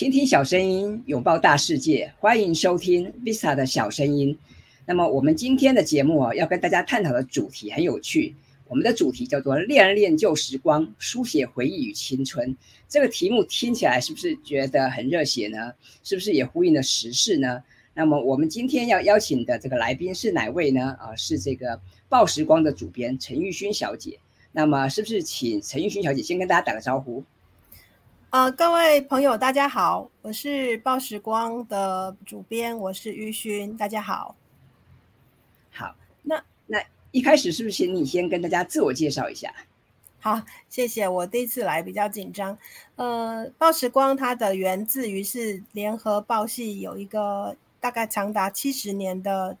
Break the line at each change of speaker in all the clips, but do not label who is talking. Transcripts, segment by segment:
傾聽小聲音，擁抱大世界，歡迎收聽 Vista 的小聲音。那麼，我們今天的節目啊，要跟大家探討的主題很有趣。我們的主題叫做“戀戀舊時光，書寫回憶與青春”。這個題目聽起來是不是覺得很熱血呢？是不是也呼應了時事呢？那麼，我們今天要邀請的這個來賓是哪位呢？啊，是這個《報時光》的主編陳玉薰小姐。那麼，是不是請陳玉薰小姐先跟大家打個招呼？
呃，各位朋友，大家好，我是報時光的主編，我是玉薰，大家好。
好，那那一開始是不是請你先跟大家自我介紹一下？
好，謝謝，我第一次來比較緊張。呃，報時光它的源自於是聯合報系有一個大概長達七十年的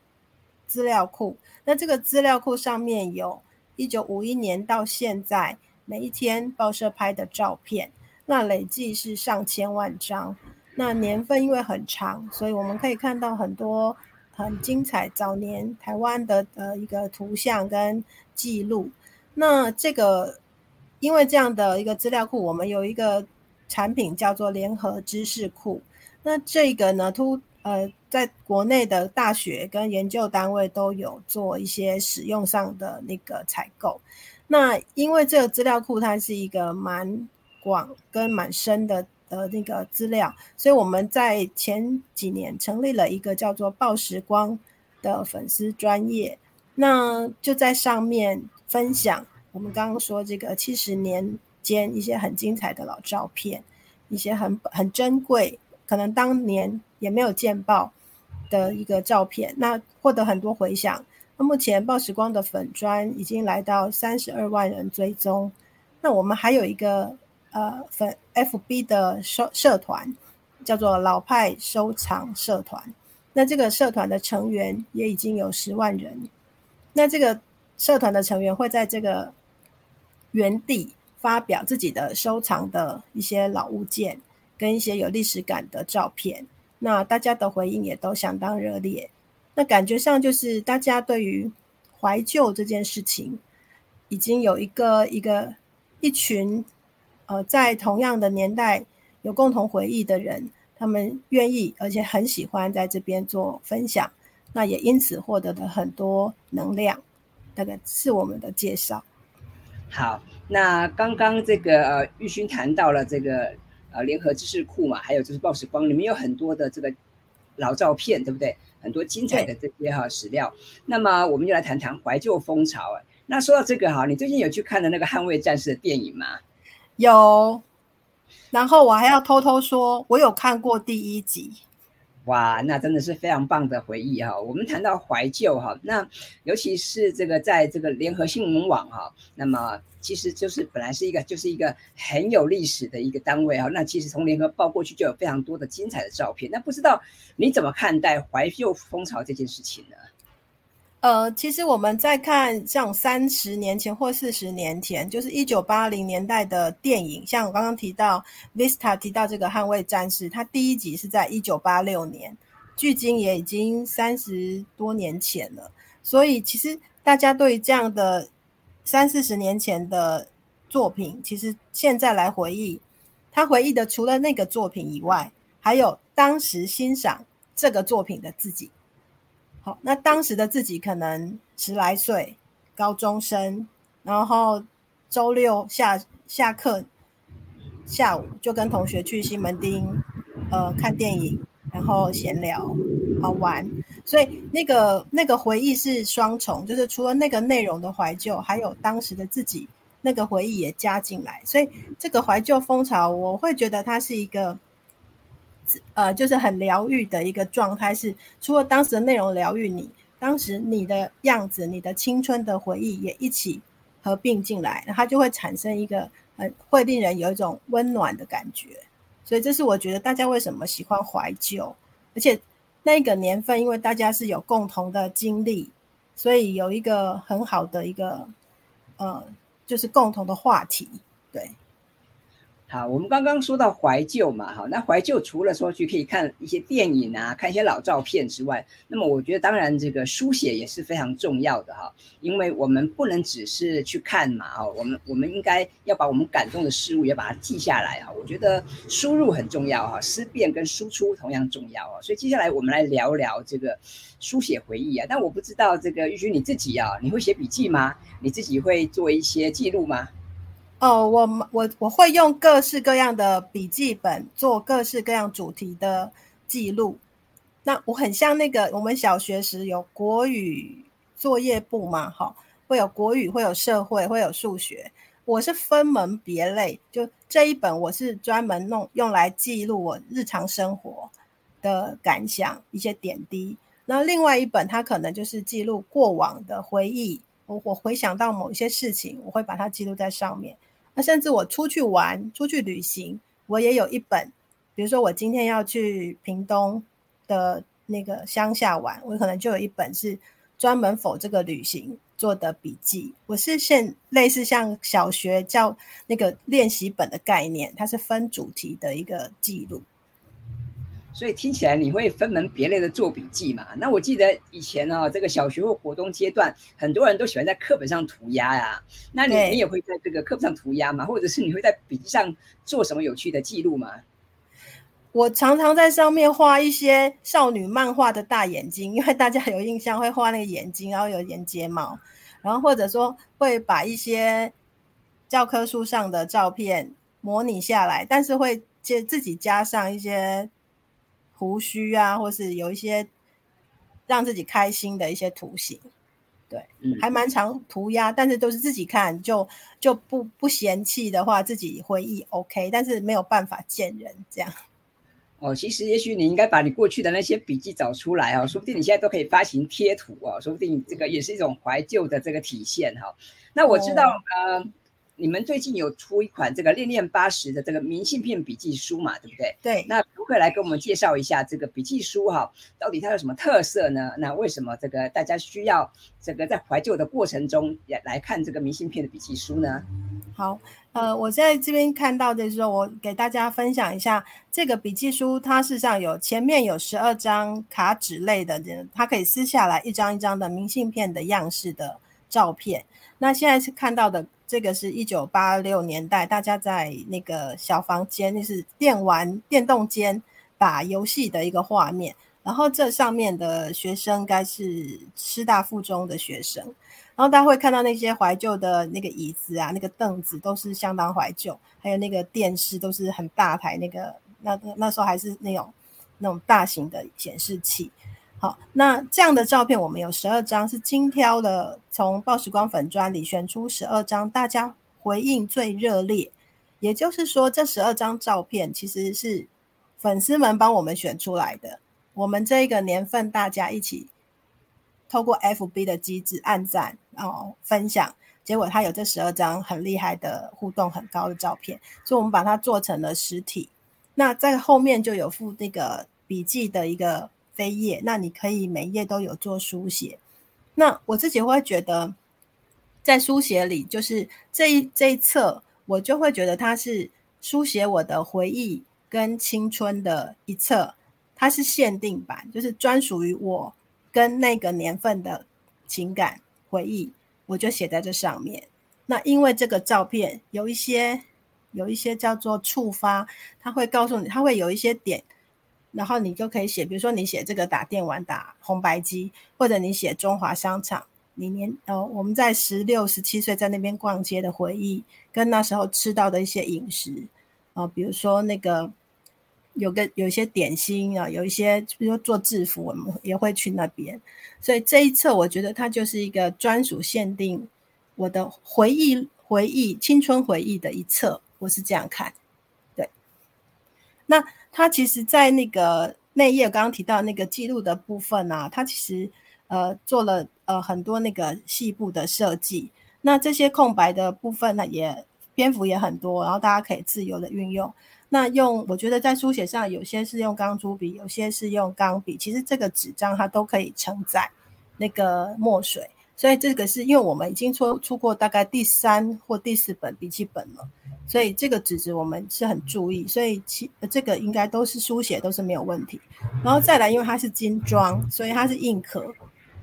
資料庫，那這個資料庫上面有1951年到現在每一天報社拍的照片。那累計是上千萬張，那年份因為很長，所以我們可以看到很多很精彩早年台灣的呃一個圖像跟記錄。那這個因為這樣的一個資料庫，我們有一個產品叫做聯合知識庫。那這個呢，突呃，在國內的大學跟研究單位都有做一些使用上的那個採購。那因為這個資料庫，它是一個蠻。網跟蠻深的呃那個資料，所以我們在前幾年成立了一個叫做《報時光》的粉絲專頁，那就在上面分享我們剛剛說這個七十年間一些很精彩的老照片，一些很很珍貴，可能當年也沒有見報的一個照片，那獲得很多回響。那目前《報時光》的粉專已經來到三十二萬人追蹤，那我們還有一個。呃，粉、uh, F B 的社社團叫做“老派收藏社團”。那這個社團的成員也已經有十萬人。那這個社團的成員會在這個原地發表自己的收藏的一些老物件，跟一些有歷史感的照片。那大家的回應也都相當熱烈。那感覺上就是大家對於懷舊這件事情，已經有一個一個一群。呃，在同樣的年代有共同回憶的人，他們願意而且很喜歡在這邊做分享，那也因此獲得了很多能量，大概是我們的介紹。
好，那剛剛這個、呃、玉薰談到了這個呃聯合知識庫嘛，還有就是報時光裡面有很多的這個老照片，對不對？很多精彩的這些哈對史料。那麼我們就來談談懷舊風潮。哎，那說到這個哈，你最近有去看的那個《捍衛戰士》的電影嗎？
有，然後我還要偷偷說，我有看過第一集。
哇，那真的是非常棒的回憶哈、哦。我們談到懷舊哈、哦，那尤其是這個在這個聯合新聞網哈、哦，那麼其實就是本來是一個就是一個很有歷史的一個單位啊、哦。那其實從聯合報過去就有非常多的精彩的照片。那不知道你怎麼看待懷舊風潮這件事情呢？
呃，其實我們在看像三十年前或四十年前，就是一九八零年代的電影，像我剛剛提到 Vista 提到這個《捍衛戰士》，它第一集是在一九八六年，距今也已經三十多年前了。所以，其實大家對於這樣的三四十年前的作品，其實現在來回憶，他回憶的除了那個作品以外，還有當時欣賞這個作品的自己。那當時的自己可能十來歲，高中生，然後週六下下課下午就跟同學去西門町，呃，看電影，然後閒聊，好玩。所以那個那個回憶是雙重，就是除了那個內容的懷舊，還有當時的自己那個回憶也加進來。所以這個懷舊風潮，我會覺得它是一個。呃，就是很療癒的一個狀態是，是除了當時的內容療癒你，當時你的樣子、你的青春的回憶也一起合併進來，然後它就會產生一個很、呃、會令人有一種溫暖的感覺。所以這是我覺得大家為什麼喜歡懷舊，而且那個年份，因為大家是有共同的經歷，所以有一個很好的一個呃，就是共同的話題，
對。好，我們剛剛說到懷舊嘛，哈，那懷舊除了說去可以看一些電影啊，看一些老照片之外，那麼我覺得當然這個書寫也是非常重要的哈，因為我們不能只是去看嘛，哦，我們我們應該要把我們感動的事物也把它記下來啊，我覺得輸入很重要哈，思辨跟輸出同樣重要哦，所以接下來我們來聊聊這個書寫回憶啊，但我不知道這個玉薰你自己啊，你會寫筆記嗎？你自己會做一些記錄嗎？
哦，我我我會用各式各樣的筆記本做各式各樣主題的記錄。那我很像那個我們小學時有國語作業簿嘛，哈，會有國語，會有社會，會有數學。我是分門別類，就這一本我是專門弄用來記錄我日常生活的感想，一些點滴。然後另外一本它可能就是記錄過往的回憶。我我回想到某一些事情，我會把它記錄在上面。啊、甚至我出去玩、出去旅行，我也有一本。比如說，我今天要去屏東的那個鄉下玩，我可能就有一本是專門 for 這個旅行做的筆記。我是現類似像小學教那個練習本的概念，它是分主題的一個記錄。
所以聽起來你會分門別類的做筆記嘛？那我記得以前呢、哦，這個小學或活動階段，很多人都喜歡在課本上塗鴉呀、啊。那你你也會在這個課本上塗鴉嗎？對或者是你會在筆記上做什麼有趣的記錄嗎？
我常常在上面畫一些少女漫畫的大眼睛，因為大家有印象會畫那個眼睛，然後有眼睫毛，然後或者說會把一些教科書上的照片模擬下來，但是會接自己加上一些，鬍鬚啊，或是有一些讓自己開心的一些圖形，對，嗯、還蠻常塗鴉，但是都是自己看，就就不不嫌棄的話，自己回憶 OK，但是沒有辦法見人這樣。
哦，其實也許你應該把你過去的那些筆記找出來哦，嗯、說不定你現在都可以發行貼圖哦。說不定這個也是一種懷舊的這個體現哈、哦。那我知道嗯。你們最近有出一款這個戀戀八零的這個明信片筆記書嘛，對不對？對。那如何來給我們介紹一下這個筆記書哈、哦，到底它有什麼特色呢？那為什麼這個大家需要這個在懷舊的過程中也來看這
個明信片的筆記書呢？好，呃，我在這邊看到的時候，我給大家分享一下這個筆記書，它是像上有前面有十二張卡紙類的，它可以撕下來一張一張的明信片的樣式的。照片，那現在是看到的這個是一九八六年代，大家在那個小房間，那是電玩電動間，打遊戲的一個畫面。然後這上面的學生，該是師大附中的學生。然後大家會看到那些懷舊的那個椅子啊，那個凳子都是相當懷舊，還有那個電視都是很大台，那個那那時候還是那種那種大型的顯示器。好，那這樣的照片我們有十二張，是精挑的，從報時光粉專裡選出十二張，大家回應最熱烈。也就是說，這十二張照片其實是粉絲們幫我們選出來的。我們這一個年份大家一起透過 FB 的機制按讚然後、哦、分享，結果他有這十二張很厲害的互動很高的照片，所以我們把它做成了實體。那在後面就有附那個筆記的一個。扉頁，那你可以每頁都有做書寫。那我自己會覺得，在書寫裡，就是這一這一冊，我就會覺得它是書寫我的回憶跟青春的一冊。它是限定版，就是專屬於我跟那個年份的情感回憶，我就寫在這上面。那因為這個照片有一些有一些叫做觸發，它會告訴你，它會有一些點。然後你就可以寫，比如說你寫這個打電玩、打紅白機，或者你寫中華商場裡面，哦，我們在十六、十七歲在那邊逛街的回憶，跟那時候吃到的一些飲食，哦，比如說那個有個有些點心啊，有一些，哦，有一些比如說做制服，我們也會去那邊。所以這一冊我覺得它就是一個專屬限定，我的回憶、回憶青春回憶的一冊，我是這樣看。那它其實，在那個內頁，剛剛提到那個記錄的部分啊，它其實呃做了呃很多那個細部的設計。那這些空白的部分呢、啊，也篇幅也很多，然後大家可以自由的運用。那用我覺得在書寫上，有些是用鋼珠筆，有些是用鋼筆，其實這個紙張它都可以承載那個墨水。所以這個是因為我們已經出出過大概第三或第四本筆記本了，所以這個紙質我們是很注意，所以其，呃，這個應該都是書寫都是沒有問題。然後再來，因為它是精裝，所以它是硬殼。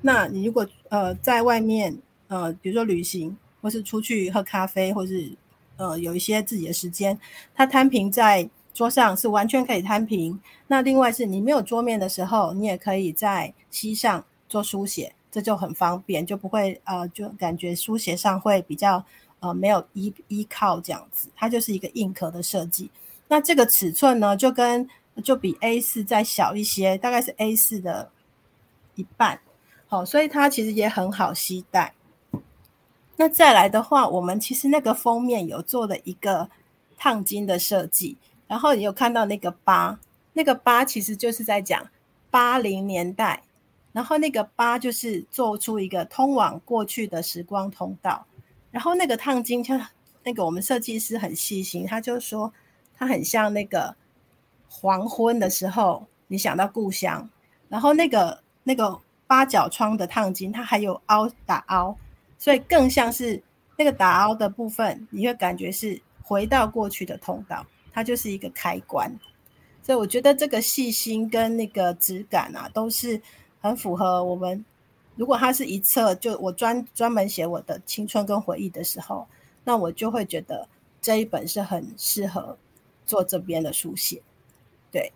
那你如果呃在外面呃，比如說旅行或是出去喝咖啡，或是呃有一些自己的時間，它攤平在桌上是完全可以攤平。那另外是你沒有桌面的時候，你也可以在膝上做書寫。這就很方便，就不會呃，就感覺書寫上會比較呃沒有依依靠這樣子，它就是一個硬殼的設計。那這個尺寸呢，就跟就比 A 四再小一些，大概是 A 四的一半。好、哦，所以它其實也很好攜帶。那再來的話，我們其實那個封面有做了一個燙金的設計，然後你有看到那個八，那個八其實就是在講八零年代。然後那個八就是做出一個通往過去的時光通道，然後那個燙金，就那個我們設計師很細心，他就說他很像那個黃昏的時候，你想到故鄉，然後那個那個八角窗的燙金，它還有凹打凹，所以更像是那個打凹的部分，你會感覺是回到過去的通道，它就是一個開關。所以我覺得這個細心跟那個質感啊，都是。很符合我們，如果他是一冊，就我專專門寫我的青春跟回憶的時候，那我就會覺得這一本是很適合做這邊的書寫。對，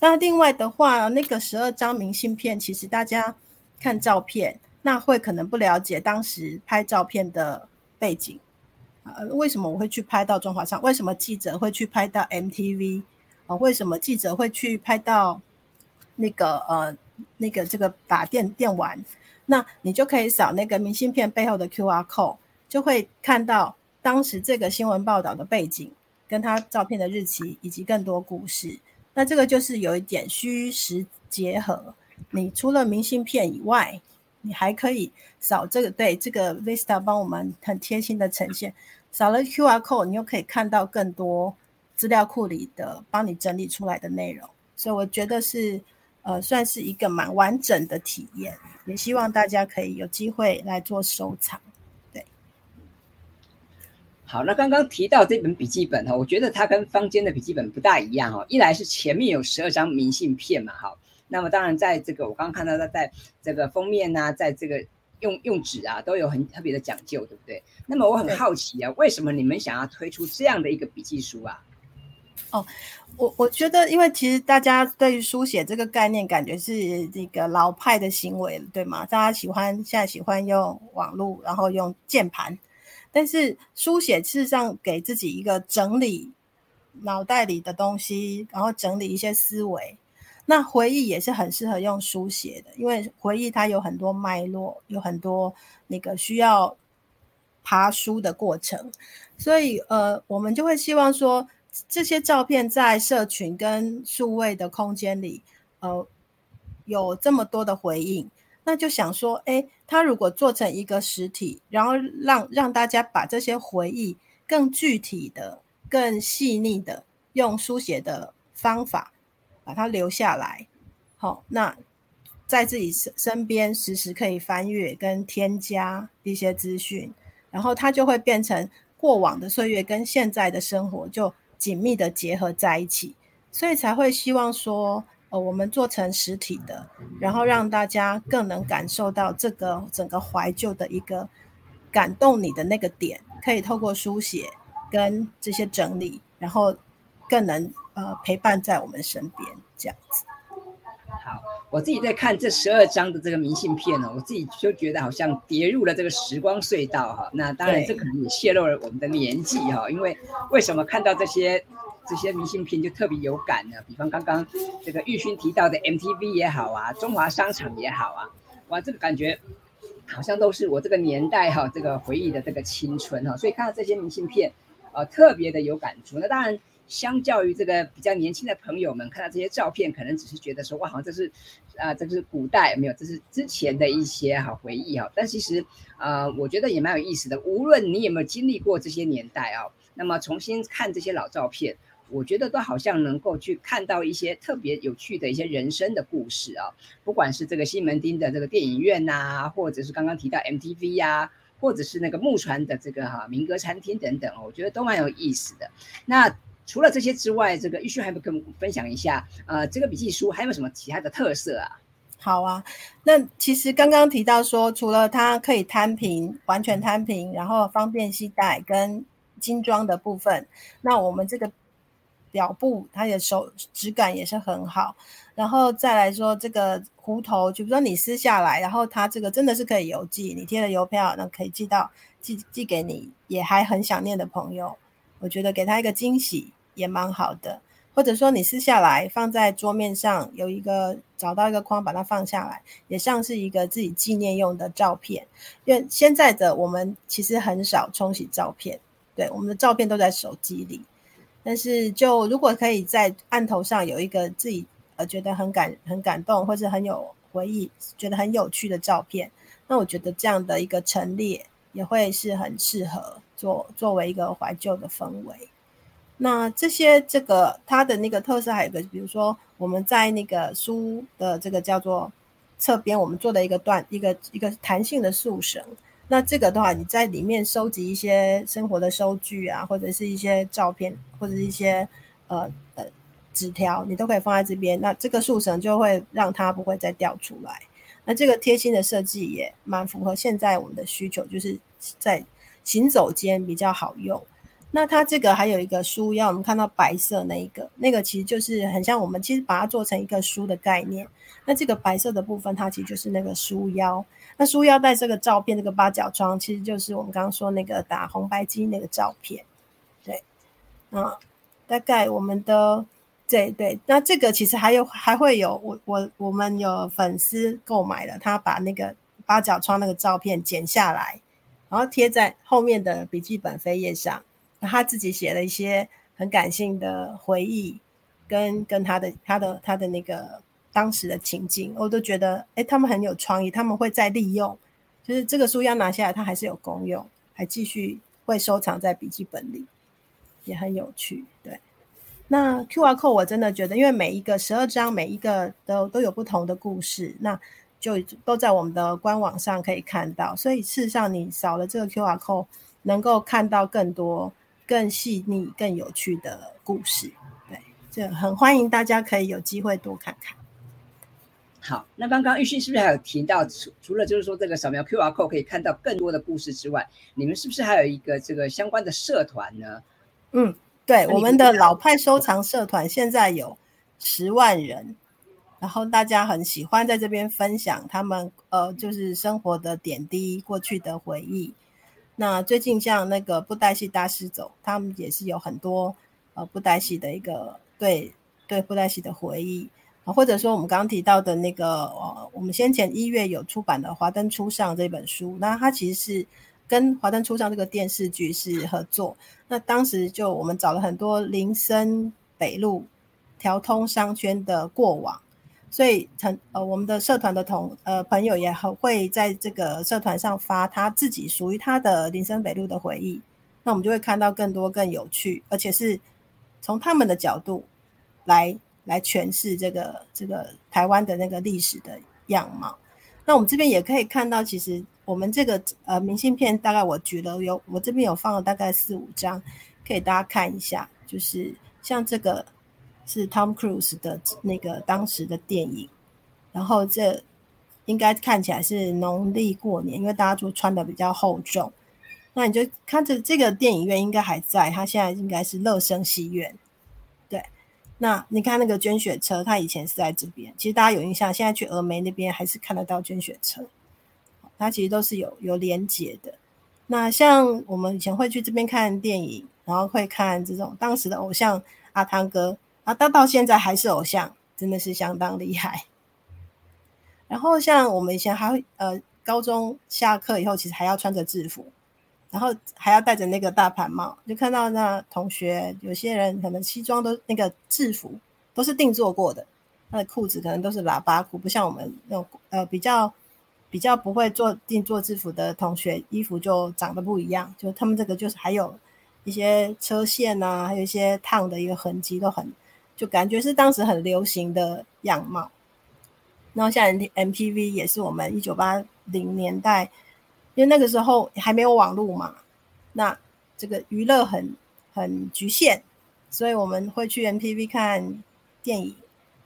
那另外的話，那個十二張明信片，其實大家看照片，那會可能不了解當時拍照片的背景，呃，為什麼我會去拍到中華商？為什麼記者會去拍到 MTV？啊，呃，為什麼記者會去拍到那個呃？那個這個把電電完，那你就可以掃那個明信片背後的 QR code，就會看到當時這個新聞報道的背景，跟他照片的日期以及更多故事。那這個就是有一點虛實結合。你除了明信片以外，你還可以掃這個，對這個 Vista 幫我們很貼心的呈現，掃了 QR code，你又可以看到更多資料庫裡的幫你整理出來的內容。所以我覺得是。呃，算是一個蠻完整的體驗，也希望大家可以有機會來做收藏，對。
好，那剛剛提到這本筆記本哈，我覺得它跟坊間的筆記本不大一樣哈，一來是前面有十二張明信片嘛，好，那麼當然在這個我剛剛看到它在這個封面吶、啊，在這個用用紙啊都有很特別的講究，對不對？那麼我很好奇啊，對為什麼你們想要推出這樣的一個筆記書啊？
哦，oh, 我我覺得，因為其實大家對於書寫這個概念，感覺是這個老派的行為，對嗎？大家喜歡現在喜歡用網絡，然後用鍵盤，但是書寫事實上給自己一個整理腦袋裡的東西，然後整理一些思維。那回憶也是很適合用書寫的，因為回憶它有很多脈絡，有很多那個需要爬梳的過程，所以呃，我們就會希望說，這些照片在社群跟數位的空間裡，呃，有這麼多的回應，那就想說，誒，他如果做成一個實體，然後讓讓大家把這些回憶更具體的、更細膩的，用書寫的方法把它留下來，好、哦，那在自己身身邊時時可以翻閱跟添加一些資訊，然後它就會變成過往的歲月跟現在的生活就。緊密的結合在一起，所以才會希望說，呃，我們做成實體的，然後讓大家更能感受到這個整個懷舊的一個感動，你的那個點可以透過書寫跟這些整理，然後更能呃陪伴在我們身邊這樣子。好，我自己在看
這十二張的這個明信片哦、啊，我自己就覺得好像跌入了這個時光隧道哈、啊。那當然，這可能也洩露了我們的年紀哈、啊。因為為什麼看到這些這些明信片就特別有感呢？比方剛剛這個玉薰提到的 MTV 也好啊，中華商場也好啊，哇，這個感覺好像都是我這個年代哈、啊，這個回憶的這個青春哈、啊。所以看到這些明信片，呃，特別的有感觸。那當然，相較於這個比較年輕的朋友們看到這些照片，可能只是覺得說，哇，好像這是，啊、呃，這是古代，沒有，這是之前的一些好、啊、回憶、啊、但其實，呃，我覺得也蠻有意思的。無論你有沒有經歷過這些年代啊，那麼重新看這些老照片，我覺得都好像能夠去看到一些特別有趣的一些人生的故事啊。不管是這個西門町的這個電影院吶、啊，或者是剛剛提到 MTV 呀、啊。或者是那個木船的這個哈民歌餐廳等等，我覺得都蠻有意思的。那除了這些之外，這個玉薰還不跟我們分享一下，呃，這個筆記書還有什麼其他的特色啊？
好啊，那其實剛剛提到說，除了它可以攤平，完全攤平，然後方便攜帶跟精裝的部分，那我們這個表布它的手質感也是很好。然後再來說這個胡頭，就比如說你撕下來，然後它這個真的是可以郵寄，你貼了郵票，那可以寄到寄寄給你也還很想念的朋友，我覺得給他一個驚喜也蠻好的。或者說你撕下來放在桌面上，有一個找到一個框把它放下來，也像是一個自己紀念用的照片。因為現在的我們其實很少沖洗照片，對，我們的照片都在手機裡，但是就如果可以在案頭上有一個自己。呃，覺得很感很感動，或是很有回憶，覺得很有趣的照片。那我覺得這樣的一個陳列也會是很適合做作為一個懷舊的氛圍。那這些這個它的那個特色還有一個，比如說我們在那個書的這個叫做側邊，我們做的一個段一個一個彈性的束繩。那這個的話，你在裡面收集一些生活的收據啊，或者是一些照片，或者是一些呃呃。紙條你都可以放在這邊，那這個束繩就會讓它不會再掉出來。那這個貼心的設計也蠻符合現在我們的需求，就是在行走間比較好用。那它這個還有一個書腰，我們看到白色那一個，那個其實就是很像我們其實把它做成一個書的概念。那這個白色的部分它其實就是那個書腰。那書腰帶這個照片，這、那個八角窗其實就是我們剛剛說那個打紅白機那個照片。對，嗯，大概我們的。對對，那這個其實還有還會有我我我們有粉絲購買的，他把那個八角窗那個照片剪下來，然後貼在後面的筆記本扉頁上，然後他自己寫了一些很感性的回憶，跟跟他的他的他的那個當時的情景，我都覺得哎，他們很有創意，他們會再利用，就是這個書要拿下來，他還是有功用，還繼續會收藏在筆記本裡，也很有趣，對。那 Q R code 我真的覺得，因為每一個十二章，每一個都都有不同的故事，那就都在我們的官網上可以看到。所以事實上，你少了這個 Q R code，能夠看到更多、更細膩、更有趣的故事。對，這很歡迎，大家可以有機會多看看。
好，那剛剛玉勳是不是還有提到，除除了就是說這個掃描 Q R code 可以看到更多的故事之外，你們是不是還有一個這個相關的社團呢？嗯。
對，我們的老派收藏社團現在有十萬人，然後大家很喜歡在這邊分享他們呃，就是生活的點滴、過去的回憶。那最近像那個布袋戲大師走，他們也是有很多呃布袋戲的一個對對布袋戲的回憶啊，或者說我們剛剛提到的那個，呃，我們先前一月有出版的《華燈初上》這本書，那它其實是。跟華燈初上這個電視劇是合作，那當時就我們找了很多林森北路、條通商圈的過往，所以成呃我們的社團的同呃朋友也會在這個社團上發他自己屬於他的林森北路的回憶，那我們就會看到更多更有趣，而且是從他們的角度來來詮釋這個這個台灣的那個歷史的樣貌。那我們這邊也可以看到，其實。我們這個呃明信片大概我覺得有，我這邊有放了大概四五張，可以大家看一下。就是像這個是 Tom Cruise 的那個當時的電影，然後這應該看起來是農曆過年，因為大家都穿得比較厚重。那你就看着這個電影院應該還在，它現在應該是樂聲戲院。對，那你看那個捐血車，它以前是在這邊，其實大家有印象，現在去峨眉那邊還是看得到捐血車。它其實都是有有連接的。那像我們以前會去這邊看電影，然後會看這種當時的偶像阿湯哥啊，到到現在還是偶像，真的是相當厲害。然後像我們以前還會呃，高中下課以後，其實還要穿着制服，然後還要戴着那個大盤帽，就看到那同學，有些人可能西裝都那個制服都是定做過的，他的褲子可能都是喇叭褲，不像我們那種呃比較。比較不會做定做制服的同學，衣服就長得不一樣。就他們這個，就是還有一些車線啊，還有一些燙的一個痕跡，都很就感覺是當時很流行的樣貌。然後像 MPV 也是我們一九八零年代，因為那個時候還沒有網絡嘛，那這個娛樂很很局限，所以我們會去 MPV 看電影。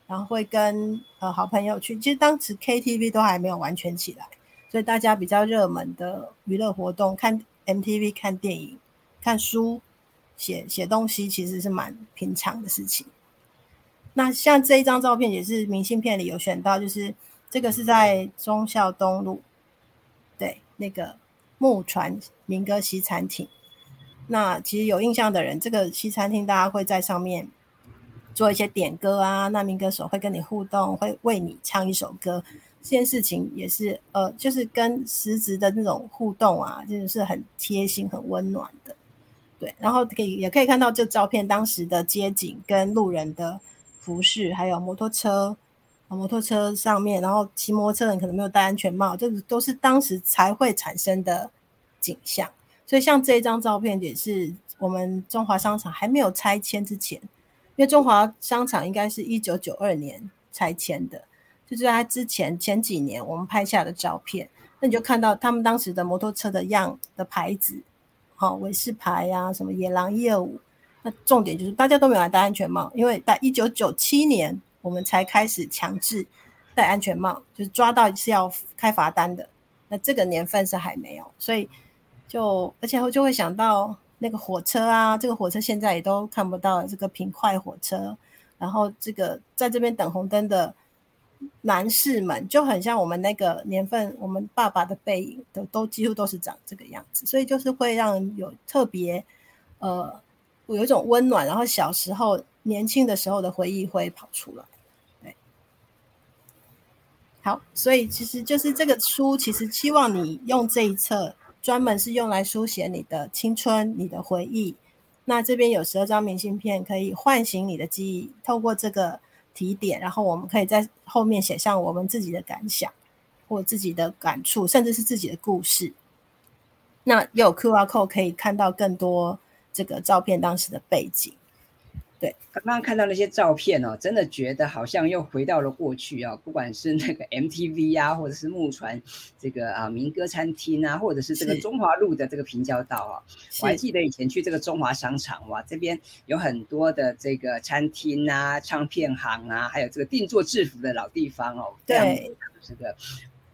然後會跟呃好朋友去，其實當時 KTV 都還沒有完全起來，所以大家比較熱門的娛樂活動，看 MTV、看電影、看書、寫寫東西，其實是蠻平常的事情。那像這一張照片也是明信片裡有選到，就是這個是在忠孝東路，對，那個木船民歌西餐廳。那其實有印象的人，這個西餐廳大家會在上面。做一些點歌啊，那名歌手會跟你互動，會為你唱一首歌，這件事情也是呃，就是跟實質的那種互動啊，真的是很貼心、很溫暖的。對，然後可以也可以看到這照片當時的街景跟路人的服飾，還有摩托車、啊，摩托車上面，然後騎摩托車人可能沒有戴安全帽，這都是當時才會產生的景象。所以像這張照片也是我們中華商場還沒有拆遷之前。因為中華商場應該是一九九二年才拆的，就是在、啊、之前前幾年我們拍下的照片，那你就看到他們當時的摩托車的樣的牌子，好、哦，偉士牌呀、啊，什麼野狼一二五，那重點就是大家都沒有來戴安全帽，因為在一九九七年我們才開始強制戴安全帽，就是抓到是要開罰單的，那這個年份是還沒有，所以就而且我就會想到。那個火車啊，這個火車現在也都看不到，這個平快火車。然後這個在這邊等紅燈的男士們，就很像我們那個年份，我們爸爸的背影都都幾乎都是長這個樣子。所以就是會讓有特別，呃，有一種溫暖。然後小時候、年輕的時候的回憶會跑出來。對，好，所以其實就是這個書，其實期望你用這一冊。專門是用來書寫你的青春、你的回憶。那這邊有十二張明信片，可以喚醒你的記憶。透過這個提點，然後我們可以在後面寫上我們自己的感想，或自己的感觸，甚至是自己的故事。那有 QR code 可以看到更多這個照片當時的背景。對，剛剛
看到那些照片哦，真的覺得好像又回到了過去啊、哦！不管是那個 MTV 啊，或者是木船，這個啊民歌餐廳啊，或者是這個中華路的這個平交道啊，是我還記得以前去這個中華商場哇，這邊有很多的這個餐廳啊、唱片行啊，還有這個定做制服的老地方哦。對。這個。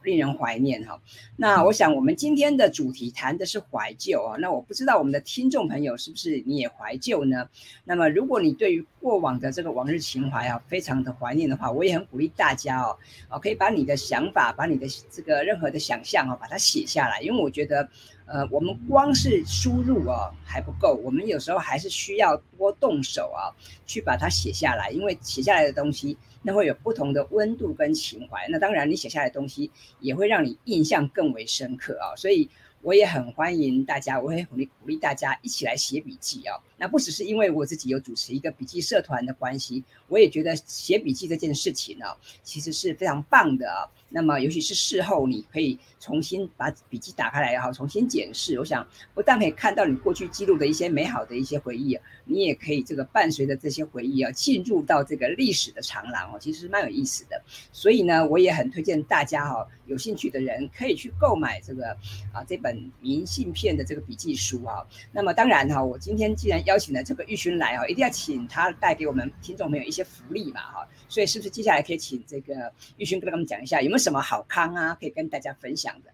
令人懷念哈，那我想我們今天的主題談的是懷舊啊，那我不知道我們的聽眾朋友是不是你也懷舊呢？那麼如果你對於過往的這個往日情懷啊，非常的懷念的話，我也很鼓勵大家哦，哦可以把你的想法，把你的這個任何的想象啊，把它寫下來，因為我覺得。呃，我們光是輸入哦，還不夠，我們有時候還是需要多動手啊，去把它寫下來，因為寫下來的東西那會有不同的溫度跟情懷。那當然，你寫下來的東西也會讓你印象更為深刻哦。所以我也很歡迎大家，我也很鼓勵鼓勵大家一起來寫筆記哦。那不只是因為我自己有主持一個筆記社團的關係，我也覺得寫筆記這件事情呢、啊，其實是非常棒的啊。那麼尤其是事後，你可以重新把筆記打開來哈、啊，重新檢視。我想不但可以看到你過去記錄的一些美好的一些回憶、啊，你也可以這個伴隨着這些回憶啊，進入到這個歷史的長廊哦、啊，其實是蠻有意思的。所以呢，我也很推薦大家哈、啊，有興趣的人可以去購買這個啊這本明信片的這個筆記書啊。那麼當然哈、啊，我今天既然要邀請了這個玉薰來哦，一定要請他帶給我們聽眾們有一些福利嘛哈、哦，所以是不是接下來可以請這個玉薰跟他們講一下有沒有什麼好康啊，可以跟大家分享的？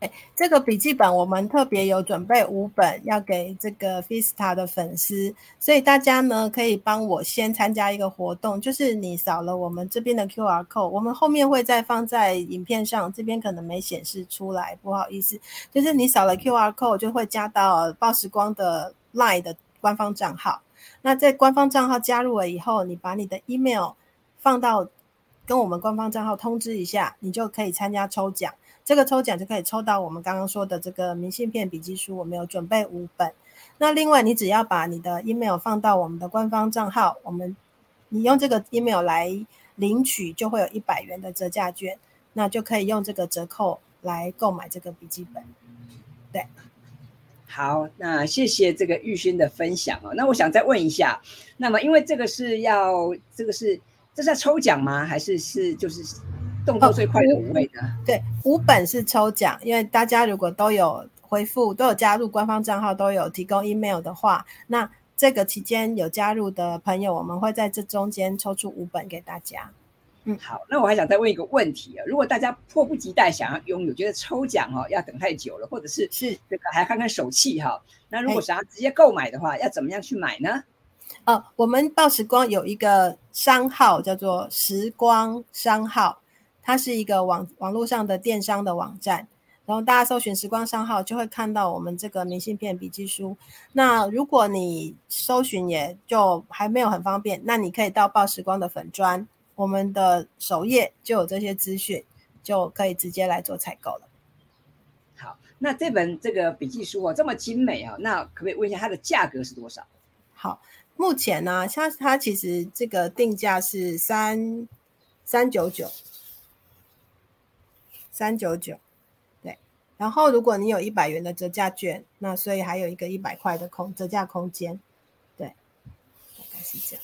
哎，這個筆記本我們特別有準備五本要給這個 Vista 的粉絲，所以大家呢可以幫我先參加一個活動，就是你掃了我們這邊的 QR code，我們後面會再放在影片上，這邊可能沒顯示出來，不好意思，就是你掃了 QR code 就會加到報時光的 Line 的。官方賬號，那在官方賬號加入了以後，你把你的 email 放到跟我們官方賬號通知一下，你就可以參加抽獎。這個抽獎就可以抽到我們剛剛說的這個明信片筆記書，我們有準備五本。那另外，你只要把你的 email 放到我們的官方賬號，我們你用這個 email 來領取，就會有一百元的折價券，那就可以用這個折扣來購買這個筆記本，對。
好，那謝謝這個玉薰的分享哦。那我想再問一下，那麼因為這個是要，這個是，這是要抽獎嗎？還是是就是動作最快的、哦、
五位呢？對，五本是抽獎，因為大家如果都有回復、都有加入官方賬號、都有提供 email 的話，那這個期間有加入的朋友，我們會在這中間抽出五本給大家。
嗯，好，那我還想再問一個問題啊，如果大家迫不及待想要擁有，覺得抽獎哦要等太久了，或者是是這個還要看看手氣哈、哦，那如果想要直接購買的話，哎、要怎
麼樣去買呢？哦、呃，我們報時光有一個商號叫做“時光商號”，它是一個網網絡上的電商的網站，然後大家搜尋“時光商號”就會看到我們這個明信片筆記書。那如果你搜尋也就還沒有很方便，那你可以到報時光的粉專，我們的首頁就有這些資訊，就可以直接來做採購了。
好，那這本這個筆記書啊、哦，這麼
精美啊、哦，那可不可以問一下它的價格是多少？好，目前呢，它它其實這個定價是三三九九，三九九，對。然後如果你有一百元的折價券，那所以還有一個一百塊的空，折價空間，對，大概是這樣。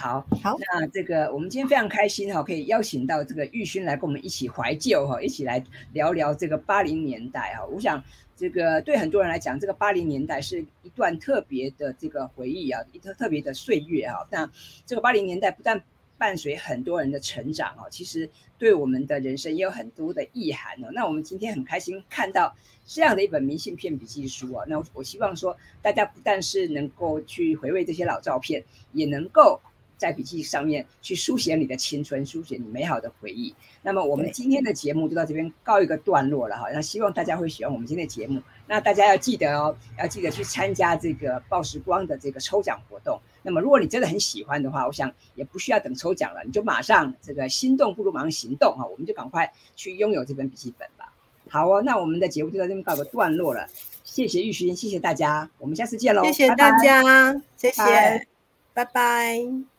好，好，那這個我們今天非常開心哈，可以邀請到這個玉薰來跟我們一起懷舊哈，一起來聊聊這個八零年代哈。我想這個對很多人來講，這個八零年代是一段特別的這個回憶啊，一段特別的歲月啊。那這個八零年代不但伴隨很多人的成長啊，其實對我們的人生也有很多的意涵哦。那我們今天很開心看到這樣的一本明信片筆記書啊，那我希望說大家不但是能夠去回味這些老照片，也能夠。在筆記上面去書寫你的青春，書寫你美好的回憶。那麼我們今天的節目就到這邊告一個段落了哈。對那希望大家會喜歡我們今天的節目。那大家要記得哦，要記得去參加這個報時光的這個抽獎活動。那麼如果你真的很喜歡的話，我想也不需要等抽獎了，你就馬上這個心動不如馬上行動哈，我們就趕快去擁有這本筆記本吧。好哦，那我們的節目就到這邊告一個段落了。謝謝玉薰，謝謝大家，我們下次見嘍！謝謝大家，拜拜謝謝，
拜拜。拜拜。